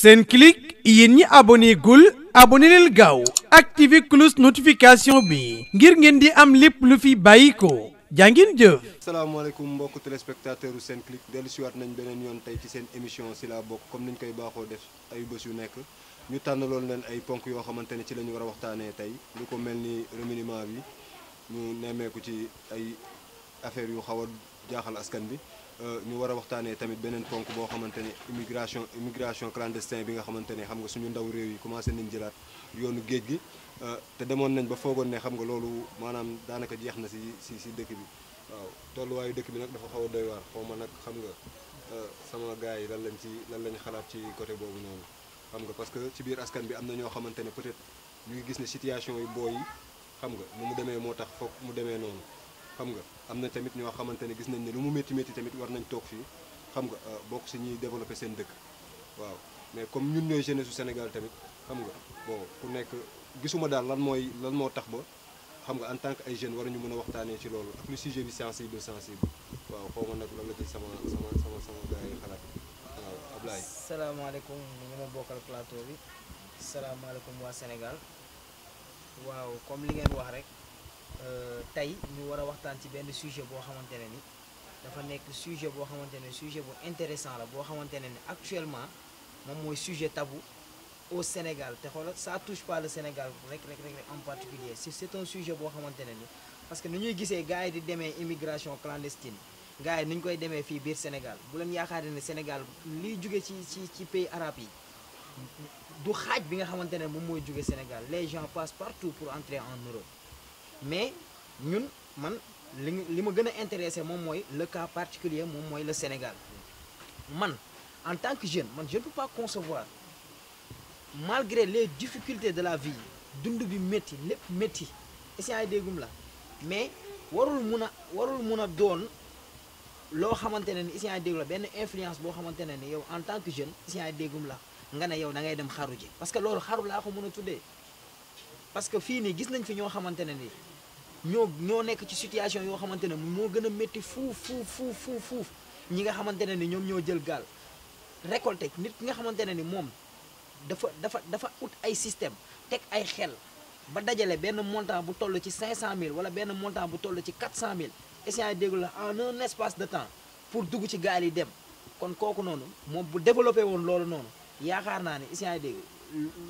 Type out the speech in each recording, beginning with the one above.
Senclic yéen ñi abonné gul abonné leen gaaw activé cloche notification bi ngir ngeen di am lépp lu fi bàyyi ko jàngin jëf. salaamaaleykum mbokk téléspectateur u Senclic dellusiwaat nañ beneen yoon tey ci seen émission si la bokk comme niñ koy baaxoo def ay bës yu nekk ñu tànn tànnaloon leen ay ponk yoo xamante ne ci la ñu war a waxtaanee tey lu ko mel ni remaniement bi ñu nemmeeku ci ay affaires yu xaw a jaaxal askan bi. Euh, ñu war a waxtaanee tamit beneen ponk boo xamante ne immigration immigration clandestin bi nga xamante ne xam nga suñu ndaw réew yi commencé nañ jëlaat yoonu géej gi euh, te demoon nañ ba foogoon ne xam nga loolu maanaam daanaka jeex na si si si dëkk bi waaw tolluwaayu dëkk bi nag dafa xaw a doy waar xaw ma nag xam nga euh, sama gars yi lan lañ ci lan lañ xalaat ci côté boobu noonu xam nga parce que ci biir askan bi am na ñoo xamante ne peut-être ñu ngi gis ne situation yi booy yi xam nga nu mu demee moo tax foog mu demee noonu xam nga am na tamit ñoo xamante ne gis nañ ni lu mu métti métti tamit war nañ toog fii xam nga euh, bokk si ñuy développé seen dëkk waaw mais comme ñun ñooy jeunesse su Sénégal tamit xam nga bon ku nekk gisuma daal lan mooy lan moo tax ba xam nga en tant que ay jeunes waruñu mën a waxtaanee ci loolu ak lu sujet bi sensible sensible waaw xaw ma nag lan la ci sama sama sama sama gars yi xalaat waaw Ablaye. salaamaaleykum bokkal plateau bi salaamaaleykum waa Sénégal waaw comme li ngeen wax rek. Euh, tey ñu war a waxtaan ci benn sujet boo xamante ne ni dafa nekk sujet boo xamante ne sujet bu intéressant la boo xamante ne ni actuellement moom mooy sujet tabu au Sénégal te xoolal ça touche pas le Sénégal rek rek rek en particulier c'est un sujet boo xamante ne ni parce que ni ñuy gisee gars yi di demee immigration clandestine gars yi nu ñu koy demee fii biir Sénégal bu leen yaakaaree ne Sénégal liy jóge ci ci ci pays arabe yi du xaaj bi nga xamante ne moom mooy jóge Sénégal les gens passent partout pour entrer en Europe mais ñun man li li ma gën a intéressé moom mooy le cas particulier moom mooy le Sénégal man en tant que jeune man je ne peux pas concevoir malgré les difficultés de la vie dund bi métti lépp métti essient ay déggum la mais warul mun a warul mun a doon loo xamante ne ni essient ay déggum la benn influence boo xamante ne ni yow en tant que jeune essient ay déggum la nga ne yow da dem xaru ji parce que loolu xaru laa ko mën a tuddee parce que fii nii gis nañ fi ñoo xamante ne ni ñoo ñoo nekk ci situation yoo xamante ne moo gën a métti fuf fuuf fuuf fuuf ñi nga xamante ne ni ñoom ñoo jël gaal récolté nit ki nga xamante ne ni moom dafa dafa dafa ut ay système teg ay xel ba dajale benn montant bu toll ci 500000 wala benn montant bu toll ci 400000 essayé déglu la en un espace de temps pour dugg ci gaal yi dem kon kooku noonu moom bu développé woon loolu noonu yaakaar naa ne essayé dégg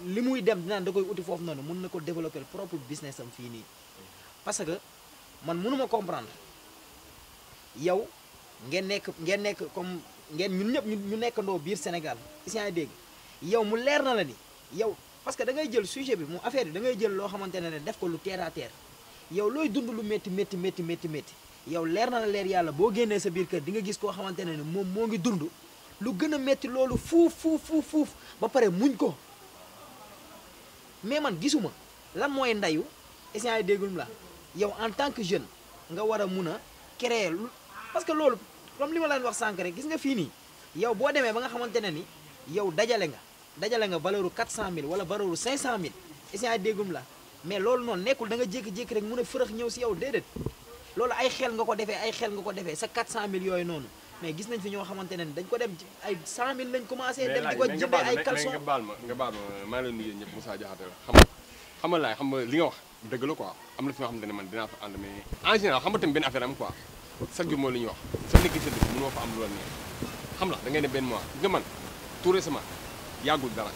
li muy dem dinaan da koy uti foofu noonu mën na ko développé propre business am fii nii. parce que man mënuma comprendre yow ngeen nekk ngeen nekk comme ngeen ñun ñëpp ñu nekkandoo biir Sénégal si yaa dégg yow mu leer na la ni yow parce que da ngay jël sujet bi mu affaire bi da ngay jël loo xamante ne def ko lu terre à terre yow looy dund lu métti métti métti métti métti yow leer na la leer yàlla boo génnee sa biir kër di nga gis koo xamante ne moom moo ngi dund lu gën a métti loolu fuuf fuuf fuuf ba pare muñ ko mais man gisuma lan mooy ndayu si yaa yow en tant que jeune nga war a mun a créer parce que loolu comme li ma leen wax sànq rek gis nga fii nii yow boo demee ba nga xamante ne ni yow dajale nga dajale nga valeur u 400000 wala valeur u 500000 essient déggum la mais loolu noonu nekkul da nga jékki-jékki rek mun a fërëx ñëw si yow déedéet loolu ay xel nga ko defee ay xel nga ko defee sa 400000 yooyu noonu mais gis nañ fi ñoo xamante ne dañ ko dem ay 100000 lañ commencé. dem di ko xam nga laay xam li nga wax dëgg la quoi am na fi nga xamante ne man dinaa fa ànd mais en général xam nga tamit benn affaire am quoi chaque mooy li ñuy wax soo nekkee sa dëkk mënoo fa am lu la neex xam la da ne benn mois nga man tout récemment yàggul dara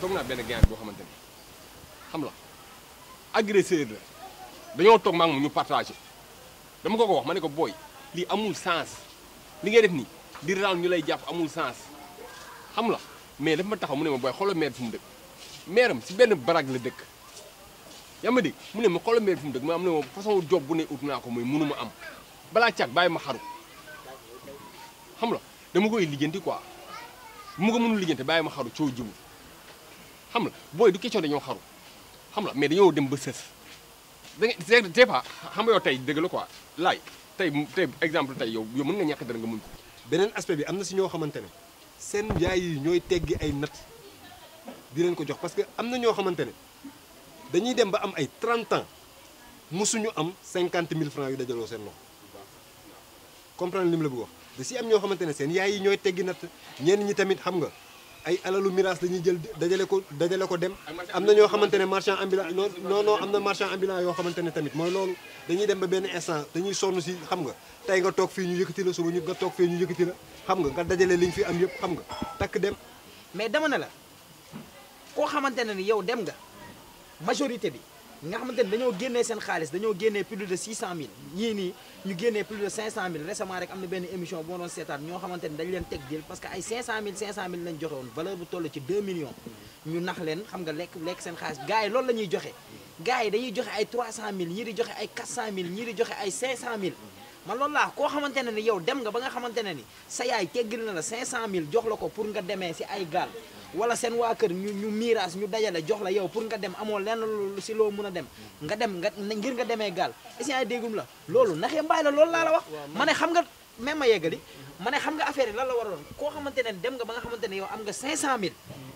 toog naa benn gars boo xamante ne xam la agresseur la dañoo toog maa ngi ñu partagé dama ko ko wax ma ne ko booy lii amul sens li nga def nii di raal ñu lay jàpp amul sens xam la mais dafa ma taxaw mu ne ma booy xoolal maire fu mu dëkk maire am si benn barak la dëkk yaa ma dégg mu ne ma xoolal mbir fu mu dëgg ma am na moom façon job bu ne ut naa ko muy mënu ma am balaa cat bàyyi ma xaru xam la dama koy lijjanti quoi mu ma ko mënul lijjanti bàyyi ma xaru coow jiwu xam la boo du dañoo xaru xam la mais dañoo dem ba sës da nga des fois xam nga yow tey dëgg la quoi laay tey tey exemple tey yow yow mën nga ñàkk dara nga mun ko. beneen aspect bi am na si ñoo xamante ne seen yaay yi ñooy teggi ay nat di leen ko jox parce que am na ñoo xamante ne. dañuy dem ba am ay 30 mu suñu am 50 000 francs yu dajaloo seen loxo comprendre li mu la bëgg wax da si am ñoo xamante ne seen yaay yi ñooy teggi natt ñenn ñi tamit xam nga ay alalu miraas dañuy jël dajale ko dajale ko dem am na ñoo xamante ne marchand ambulant non non am na marchand ambulant yoo xamante ne tamit mooy loolu dañuy dem ba benn instant dañuy sonn si xam nga tey nga toog fii ñu yëkkati la suba ñu nga toog fii ñu yëkkati la xam nga nga dajale li ñu fi am yëpp xam nga takk dem mais dama la koo xamante ne ni yow dem nga majorité bi nga xamante ni dañoo génnee seen xaalis dañoo génnee plus de 600000 ñii nii ñu génnee plus de 500000 récemment rek am na benn émission bu ma doon seetaan ñoo xamante ni dañ leen teg deal parce que ay 500000 500000 lañ joxe woon valeur bu toll ci 2 millions ñu nax leen xam nga lekk lekk seen xaalis gars yi loolu la joxe gars dañuy joxe ay 300000 ñii di joxe ay 400000 ñii di joxe ay 500000 man loolu laa koo xamante ne ni yow dem nga ba nga xamante ne ni sa yaay teggil na la jox la ko pour nga demee si ay wala seen waa kër ñu ñu miiras ñu dajale jox la yow pour nga dem amoo lenn si loo mun a dem nga dem nga ngir nga demee gaal essient déggum la loolu naxee mbaay la loolu laa la wax ma ne xam nga même ma yeggali ma ne xam nga affaire yi lan la waroon koo xamante ne dem nga ba nga xamante ne yow am nga 500000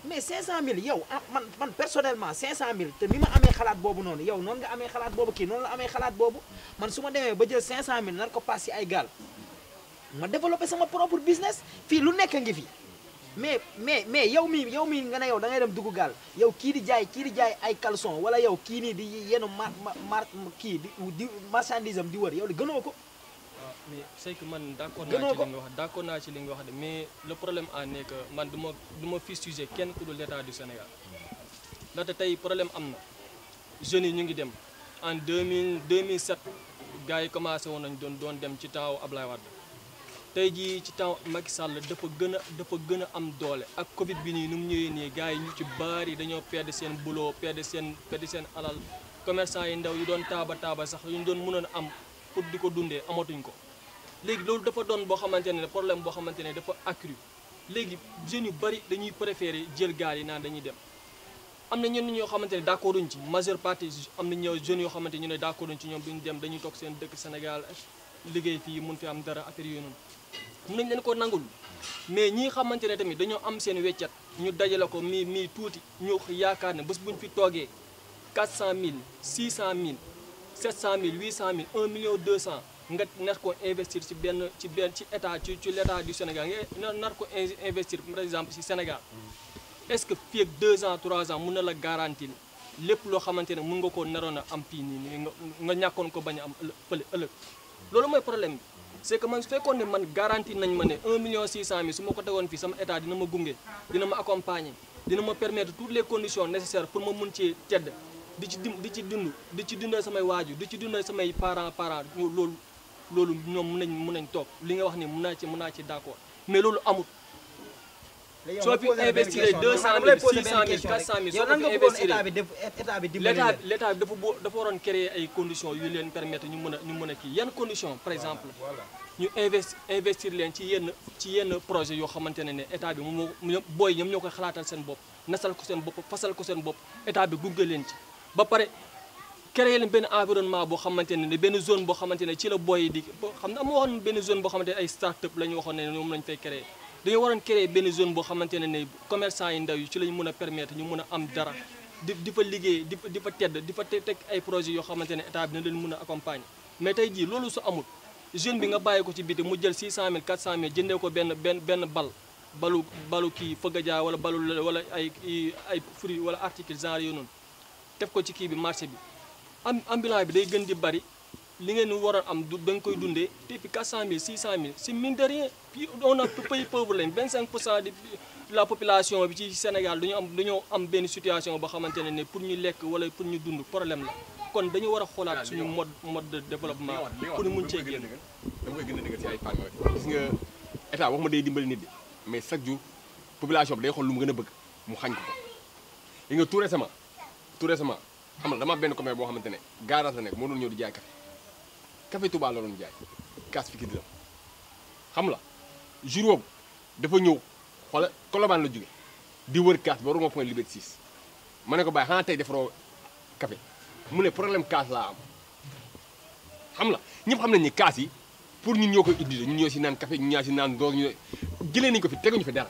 mais 500000 yow ah, man man personnellement 500000 te ni ma amee xalaat boobu noonu yow noonu nga amee xalaat boobu kii noonu la amee xalaat boobu man su ma demee ba jël 500000 nar ko paas si ay gaal ma développé sama propre fii lu nekk ngi fi mais mais mais yow mii yow mii nga ne yow da ngay dem dugg gaal yow kii di jaay kii di jaay ay calson wala yow kii nii di yenn mar mar kii di di marchandise di wër yow de gënoo ko. waaw ah, mais c'est que man d'accord naa ci li nga wax d'accord naa ci li nga wax de mais le problème en nekk man du ma du ma fustiger kenn ku dul l'état du Sénégal ndaxte tey problème am na jeunes yi ñu ngi dem en 2000 2007 gars yi commencé woon nañ doon doon dem ci taaw Ablaye Wade. tey jii ci temps Macky Sall dafa gën a dafa gën a am doole ak Covid bi nii nu mu ñëwee nii gars yi ñu ci baar yi dañoo perdre seen boulot perdre seen perdre seen alal commerçant yi ndaw yu doon taaba taaba sax yu ñu doon mënoon am pour di ko dundee amatuñ ko. léegi loolu dafa doon boo xamante ne problème boo xamante ne dafa accru léegi jeune yu bari dañuy préférer jël gaal yi naan dañuy dem. am na ñenn ñoo xamante ne d'accord duñ ci majeure partie am na ñoo jeunes yoo xamante ñu ne d'accord duñ ci ñoom duñ dem dañuy toog seen dëkk Sénégal liggéey fii mun fi am dara affaire noonu nañ leen ko nangul mais ñi xamante ne tamit dañoo am seen weccat ñu dajale ko mii mii tuuti ñu yaakaar ne bés bu ñu fi toogee 400000 600000 700000 800000 1 million 200 nga nar ko investir ci benn ci benn ci état ci ci l' état du Sénégal nga nar ko investir par exemple ci Sénégal est ce que fii ak 2 ans 3 mun na la garantir lépp loo xamante ne mun nga koo naroon a am fii nii nga ñàkkoon ko bañ am ëllëg fële ëllëg loolu mooy problème bi. c' est que man su fekkoon ne man garantie nañ ma ne 1 million 600 mille su ma ko tegoon fii sama état dina ma gunge dina ma accompagner dina ma permettre toutes les conditions nécessaires pour ma mun ci tedd di ci dim di ci dund di ci dundal samay waajur di ci dundal samay parents parents loolu loolu ñoom mun nañ mun nañ toog li nga wax ni mun naa ci mun naa ci d' accord mais loolu amut soo fi investir 200 000 600 000 400 000 soo fi investir leen permettre ñu mën a ñu mën a kii yan conditions par leen ci yenn ci yenn projet yoo xamante ne ne état bi moom moo booy ñoom ñoo koy xalaatal seen bopp nasal ko seen bopp fasal ko seen bopp état bi gunge leen ci ba pare créé leen benn environnement boo xamante ne benn zone boo xamante ne ci la booy di xam na moo waxoon benn zone boo xamante ne ay start-up la ñu waxoon ne ñoom lañ fay créé dañoo waroon créer benn zone boo xamante ne ne commerçant yi ndaw yi ci lañ mën a permettre ñu mën am dara di di fa liggéey di di fa tedd di fa teg ay projets yoo xamante ne état bi dina leen mën a accompagner mais tey jii loolu su amul jeune bi nga bàyyi ko ci biti mu jël 600000 400000 jëndee ko benn benn benn bal balu balu kii fëgg jaay wala balu wala ay ay fruits wala article genre yooyu noonu def ko ci kii bi marché bi am ambulant bi day gën di bari li ngeen war a am du da nga koy dundee depuis 400000 600000 c'est mine de rien puis on a pays pauvre lañ 25 pour cent de population bi ci Sénégal dañu am dañoo am benn situation boo xamante ne ne pour ñu lekk wala pour ñu dund problème la kon dañu war a xoolaat suñu mode mode de développement pour ñu mun cee génn. dama koy gën a dëggal ci ay pàcc gis nga état dimbali nit bi mais chaque jour population bi day xool lu mu gën a bëgg mu xañ ko ko yi nga tout récemment tout récemment xam nga dama am benn commerce boo xamante ne garage la nekk moo ñëw di jaay café Touba la doon jaay kaas fukki dërëm xam la jour dafa ñëw xoola Colobane la juge di wër kaas ba rond-point Liberté 6 ma ne ko bàyyi xanaa tey defaroo café mu ne problème kaas laa am xam la ñëpp xam kaas yi pour ñun ñoo koy utiliser ñun ñoo si naan café ñun ñaa si naan doog ñu jëlee nañu ko fi teguñu fi dara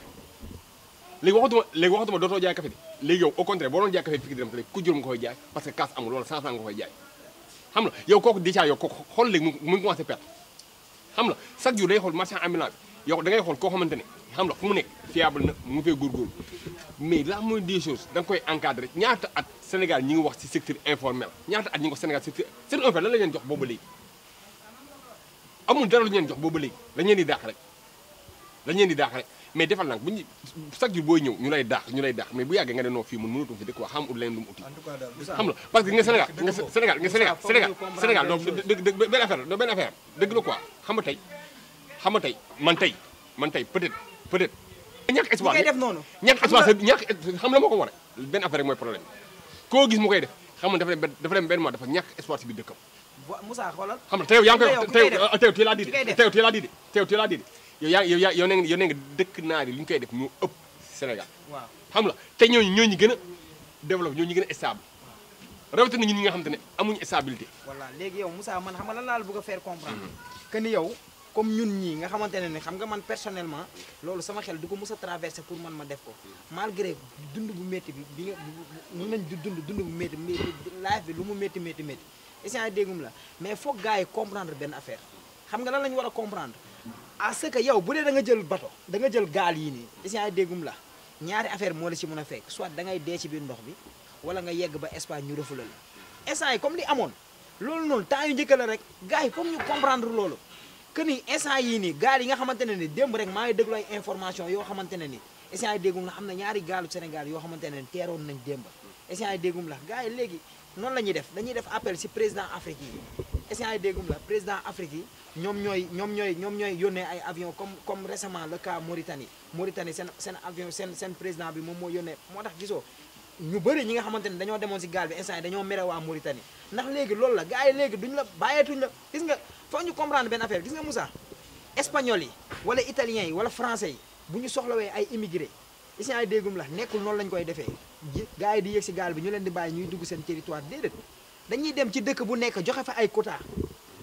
léegi waxatuma léegi waxatuma dootoo jaay café bi léegi yow au boo doon jaay café fukki dërëm te ku juróom nga koy jaay parce que kaas amul wala 100 francs nga koy jaay xam nga yow kooku déjà yow kooku xool léegi mu ngi commencé perte xam nga chaque jour day xool marchand ambulant bi yow da ngay xool koo xamante ne xam nga fu mu nekk fiable na mu ngi fee góorgóorlu mais la mooy des choses da nga koy encadré ñaata at Sénégal ñi ngi wax ci secteur informel ñaata at ñi ngi wax Sénégal secteur secteur informel lan la leen jox boobu léegi amul dara lu ñu leen jox boobu léegi dañ di daax rek dañ leen di daax mais defal nag bu ñu chaque jour booy ñëw ñu lay daax ñu lay daax mais bu yàggee nga ne non fii mun mënatum fi dëkk waa xam ut leen lu mu uti xam la parce que nga Sénégal nga Sénégal nga Sénégal Sénégal Sénégal donc dëgg benn affaire la benn affaire dëgg la quoi xam nga tey xam nga tey man tey man tey peut-être peut-être ñàkk espace ñàkk espace ñàkk xam la moo ko war benn affaire rek mooy problème koo gis mu koy def xam nga dafa dem benn mois dafa ñàkk espace bi dëkkam Moussa xoolal xam nga tey yow yaa ngi koy wax tey tey tey laa di de tey tey laa di de tey tey laa di de yow yaa yow yaa yow ne nga yow dëkk naar yi li ñu koy def ñoo ëpp Sénégal. waaw xam la te ñooñu ñu gën a développé ñooñu gën a stable. rawatina ñu ñi nga xam te ne amuñu stabilité. voilà léegi yow Moussa man xam nga lan laa la bëgg a faire comprendre. Mm-hmm. que ni yow comme ñun ñii nga xamante ne ni xam nga man personnellement loolu sama xel du ko mës a traversé pour man ma def ko malgré dund bu métti bi bi nga mën nañ dund dund bu métti life bi lu mu métti métti métti. essence déggum la mais foog gars yi comprendre benn affaire xam nga lan lañu war a comprendre à ce que yow bu dee da nga jël bato da nga jël gaal yi nii isient déggum la ñaari affaire moo la ci mën a fekk soit da ngay dee ci biir ndox bi wala nga yegg ba Espagne ñu refula la instant yi comme li amoon loolu noonu temps yu njëkk rek gars yi comme ñu comprendre loolu que ni instant yii nii yi nga xamante ne ni démb rek maa ngi déglu ay yoo xamante ne ni isient déggum la am na ñaari gaalu Sénégal yoo xamante ne ni teeroon nañ démb isient déggum la gars yi léegi noonu la ñuy def dañuy def appel ci président Afrique yi est déggum la président Afrique yi ñoom ñooy ñoom ñooy ñoom ñooy yónnee ay avion comme comme récemment le cas Mauritanie Mauritanie seen seen avion seen seen président bi moom moo yónnee moo tax gisoo ñu bëri ñi nga xamante ne dañoo demoon si gaal bi instant yi dañoo mere waa Mauritanie ndax léegi loolu la gars yi léegi duñ la bàyyeetuñ la gis nga foog ñu comprendre benn affaire gis nga Moussa espagnol yi wala italien yi wala français yi bu ñu soxlawee ay immigré isient déggum la nekkul noonu lañ koy defee gars yi di yéeg si gaal bi ñu leen di bàyyi ñuy dugg seen territoire déedéet dañuy dem ci dëkk bu nekk joxe fa ay quota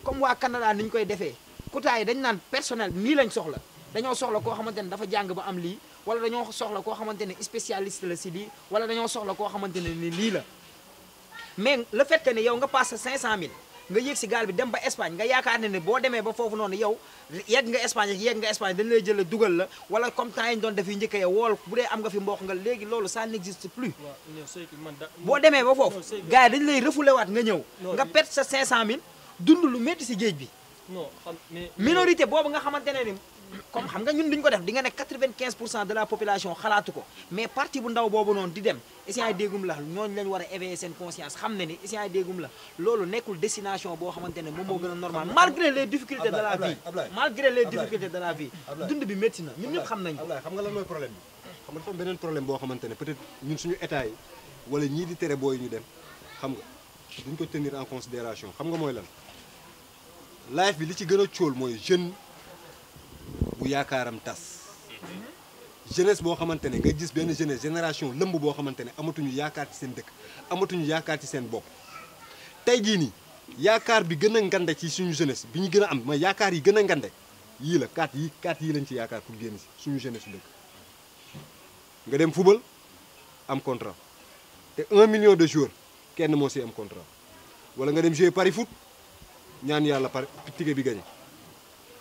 comme waa Canada ni ñu koy defee quota yi dañ naan personnel nii lañ soxla dañoo soxla koo xamante ne dafa jàng ba am lii wala dañoo soxla koo xamante ne spécialiste la si lii wala dañoo soxla koo xamante ne ni lii la mais le fait que ne yow nga passé 500000. nga yéeg si gaal bi dem ba Espagne nga yaakaar na ne boo demee ba foofu noonu yow yegg nga Espagne ak yegg nga Espagne dañ lay jël dugal la wala comme temps yi ñu doon def yu njëkk ya wool bu dee am nga fi mbokk nga léegi loolu ça n'existe plus boo demee ba foofu gars dañ lay refoulé waat nga ñëw nga perte sa 500000 dund lu métti si géej bi minorité boobu nga xamante ne ni comme xam nga ñun duñ ko def di nga ne quatre-vingt-quinze pour cent de la population xalaatu ko mais parti bu ndaw boobu noonu di dem essient déggum la ñooñu lañ war a éveiller seen conscience xam ne ni essient déggum la loolu nekkul destination boo xamante ne moom moo gën a normal malgré les difficultés de la vie malgré les difficultés de la vie dund bi métti na ñun ñëpp xam nañu xam nga lan mooy problème bi xam nga dafa beneen problème boo xamante ne ñun suñu état yi booy ñu dem xam nga ko tenir xam nga mooy lan life bi li ci gën a cóol mooy jeune bu yaakaaram tas jeunesse boo xamante ne nga gis benn jeunesse génération lëmb boo xamante ne amatuñu yaakaar ci seen dëkk amatuñu yaakaar ci seen bopp tey jii nii yaakaar bi gën a ngande ci suñu jeunesse bi ñu gën a am mooy yaakaar yi gën a ngande yii la kaat yi kaat yi lañ ci yaakaar pour génn si suñu jeunesse su dëkk nga dem fubal am contrat te un million de joueurs kenn moo si am contrat wala nga dem jouer pari foot ñaan yàlla pari ticket bi gagné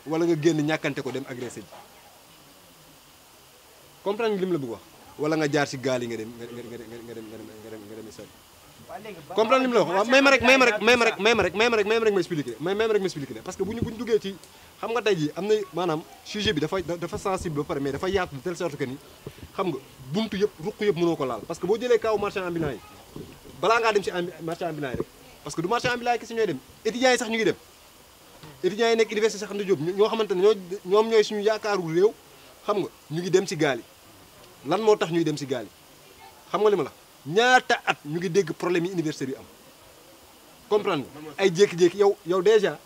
wala nga génn ñàkkante ko dem agressé bi comprendre li mu la bëgg wax wala nga jaar si gaal yi nga dem nga dem nga dem nga dem nga dem nga dem sori comprendre li mu la wax waaw may ma rek may ma rek may ma rek may ma rek may ma rek may ma rek ma expliqué may ma rek ma expliqué parce que bu ñu bu ñu duggee ci xam nga tey jii am na maanaam sujet bi dafa dafa sensible ba pare mais dafa yaatu de telle sorte que ni xam nga buntu yëpp ruq yëpp mënoo ko laal parce que boo jëlee kaw marchand ambulant yi balaa ngaa dem si marchand ambulant yi rek parce que du marchand ambulant yi kese ñooy dem étudiants yi sax ñu ngi dem étudiants yi nekk université Cheikh Anta Diop ñoo xamante ne ñoom ñooy suñu yaakaaru réew xam nga ñu ngi dem ci gaal lan moo tax ñuy dem si gaal yi xam nga li ma la ñaata at ñu ngi dégg problème yi université bi am comprendre ay jékki-jékki yow yow déjà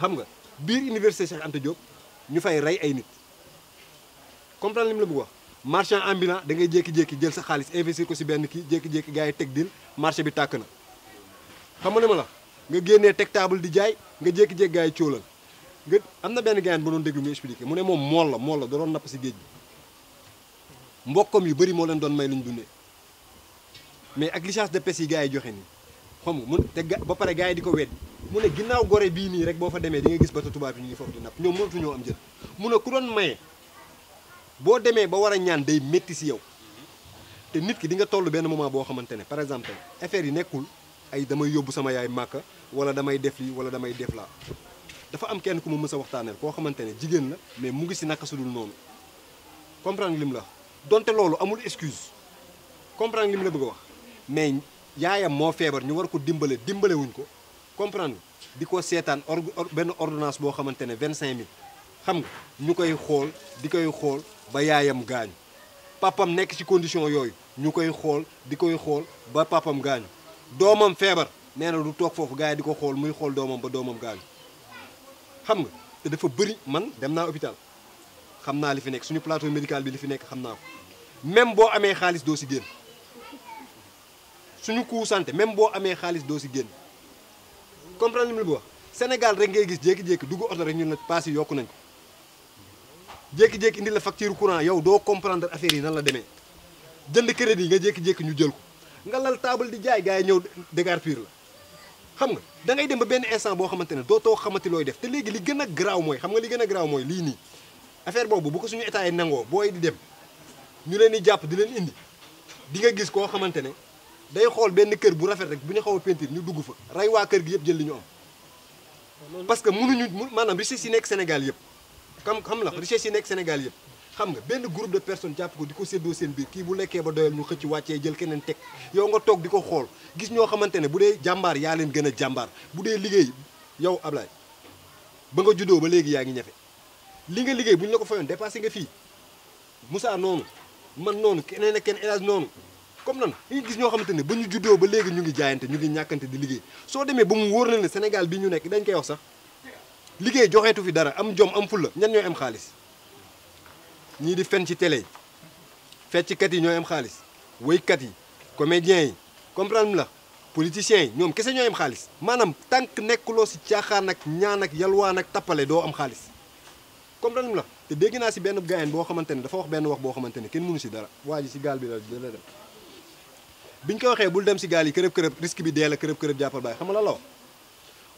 xam nga biir université Cheikh Anta Diop ñu fay rey ay nit comprendre li mu la bëgg wax marchand ambulant dangay ngay jékki-jékki jël sa xaalis investir ko si benn kii jékki-jékki gars yi teg dil marché bi tàkk na xam nga li la nga génnee teg table di jaay nga jékki-jékki gars coolal nga am na benn gars bu doon déglu muy expliqué mu ne moom mool la mool la da doon napp si géej bi mbokkam yu bëri moo leen doon may ñu dundee mais ak licence de pêche yi gars joxe nii xam nga mun te ba pare gars yi di ko weddi mu ne ginnaaw gore bii nii rek boo fa demee di nga gis bato tubaab yi ñu ngi foofu di napp ñoom mënatuñoo am jël mu a ku doon maye boo demee ba war a ñaan day métti si yow te nit ki di nga toll benn moment boo xamante ne par exemple affaire yi nekkul ay damay yóbbu sama yaay màkk wala damay def lii wala damay def laa dafa am kenn ku ma mës a waxtaaneel koo xamante ne jigéen la mais mu ngi si naka sudul noonu comprendre lim la donte loolu amul excuse comprendre lim la bëgg a wax mais yaayam moo feebar ñu war ko dimbale dimbale ko ko comprendre di ko seetaan or benn ordonnance boo xamante ne vingt cinq mille xam nga ñu koy xool di koy xool ba yaayam gaañu papam nekk ci condition yooyu ñu koy xool di koy xool ba papam gaañu doomam feebar nee na du toog foofu gars yi di ko xool muy xool doomam ba doomam gaañu xam nga te dafa bëri man dem naa hôpital xam naa li fi nekk suñu plateau médical bi li fi nekk xam naa ko même boo amee xaalis doo si génn suñu coût santé même boo amee xaalis doo si génn comprendre li mu wax Sénégal rek ngay gis jékki-jékki dugg oto rek ñu ne paas yi yokku nañ ko jékki-jékki indi la facture courant yow doo comprendre affaire yi na la demee jënd crédit nga jékki ñu jël ko. nga lal taabal di jaay gaa yi ñëw dégarpir la xam nga da ngay dem ba benn instant boo xamante ne dootoo xamati looy def te léegi li gën a garaaw mooy xam nga li gën a garaaw mooy lii nii affaire boobu bu ko suñu état yi nangoo booy di dem ñu leen di jàpp di leen indi di nga gis koo xamante ne day xool benn kër bu rafet rek bu ñu xaw a ñu dugg fa rey waa kër gi yëpp jël li ñu am parce que mënuñu maanaam richesse yi nekk Sénégal yëpp xam xam la richesse yi nekk Sénégal yëpp xam nga benn groupe de personnes jàpp ko di ko séddoo seen biir kii bu lekkee ba doyal ñu xëcc wàccee jël keneen teg yow nga toog di ko xool gis ñoo xamante ne bu dee jàmbaar yaa leen gën a jàmbaar bu dee liggéey yow Ablaye ba nga juddoo ba léegi yaa ngi ñafe li nga liggéey bu ñu la ko fayoon dépassé nga fii musaa noonu man noonu keneen ak kenn élage noonu comme nan li nga gis ñoo xamante ne ba ñu juddoo ba léegi ñu ngi jaayante ñu ngi ñàkkante di liggéey soo demee ba mu wóor la ne Sénégal bi ñu nekk dañ koy wax sax liggéey joxeetu fi dara am jom am fulla ñan ñooy am xaalis ñii di fen ci tele yi fecckat yi ñooy am xaalis woykat yi comédiens yi comprendre la politiciens yi ñoom kese ñooy am xaalis maanaam tànk nekkuloo si caaxaan ak ñaan ak yalwaan ak tappale doo am xaalis comprendre la te dégg naa si benn gaayen boo xamante ne dafa wax benn wax boo xamante ne kenn mënu si dara waa ji si gaal bi la la dem biñ ko waxee bul dem si gaal yi kërëb kërëb risque bi dee la kërëb kërëb jàppal baay xam nga la wax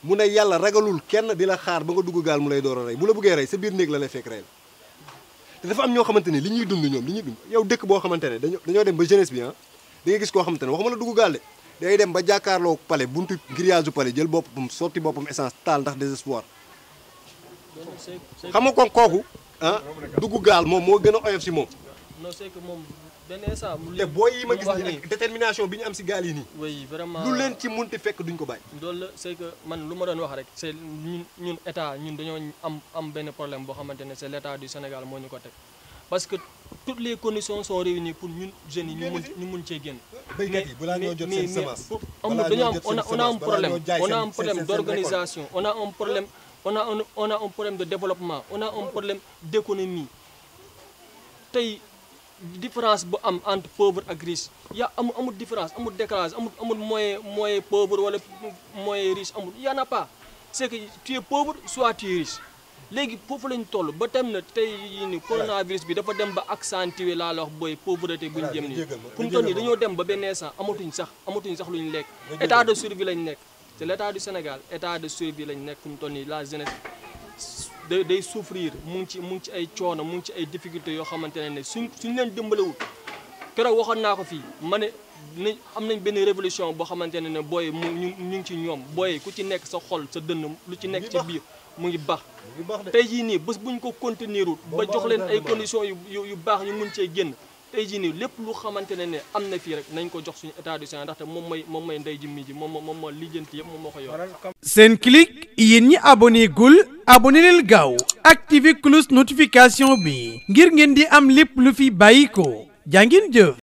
mu ne yàlla ragalul di la xaar ba nga dugg mu lay door a rey bu la biir néeg la lay fekk rey te dafa am ñoo xamante ni li ñuy dund ñoom li ñuy dund yow dëkk boo xamante ne dañoo dañoo dem ba jeunesse bi ah da nga gis koo xamante ne waxuma la dugg gàlle day dem ba jàkkaarloo pale buntu grillage pale jël boppam sotti boppam essence taal ndax désespoir xam nga kon kooku ah dugg gaal moom moo gën a oyof si moom benn instant mu te booy yi ma gis nii détermination bi ñu am si gaal yi nii. oui vraiment lu leen ci munti fekk duñ ko bàyyi. loolu la c' est que man lu ma doon wax rek. c' est ñun ñun état ñun dañoo am am benn problème boo xamante ne c' est l' état du ko teg parce que toutes les conditions sont réunies pour ñun jeunes yi ñu mun ñu mun cee génn. béykat yi balaa ñoo jot seen semence mais mais mais on a on a un problème on a un problème d' organisation on a un problème on a un on a un problème de développement on a un problème d' différence bu am entre pauvre ak riche yaa amul amul différence amul décalage amul amul moyen moyen pauvre wala moyen riche amul y en a pas c'est que tu es pauvre soit tu riche léegi foofu lañ toll ba tam na tey yii ni coronavirus bi dafa dem ba accentuer laa la wax booy pauvreté buñ jëm nii fu mu toll nii dañoo dem ba benn instant amatuñ sax amatuñ sax luñ lekk état de survie lañ nekk c'est l'état du Sénégal état de survie lañ nekk fu mu toll nii la jeunesse day day souffrir mu ngi ci mu ngi ci ay coono mu ngi ci ay difficultés yoo xamante ne ne suñ suñ leen dimbalewul keroog waxoon naa ko fii ma ne nañ am nañ benn révolution boo xamante ne ne booy mu ñu ngi ci ñoom booy ku ci nekk sa xol sa dënn lu ci nekk ci biir mu ngi baax tey jii nii bés buñ ko continuerul ba jox leen ay conditions yu yu baax ñu mun cee génn tey jii lépp lu xamante ne ne am na fii nañ ko jox suñu état du Sénégal ndaxte moom mooy moom mooy ndey ji mi ji moom moom moo lijjanti yëpp moom moo ko yor. Senclic yéen ñi abonné gul abonné leen gaaw activé cloche notification bi ngir ngeen di am lépp lu fi bàyyi ko jaa ngeen jëf.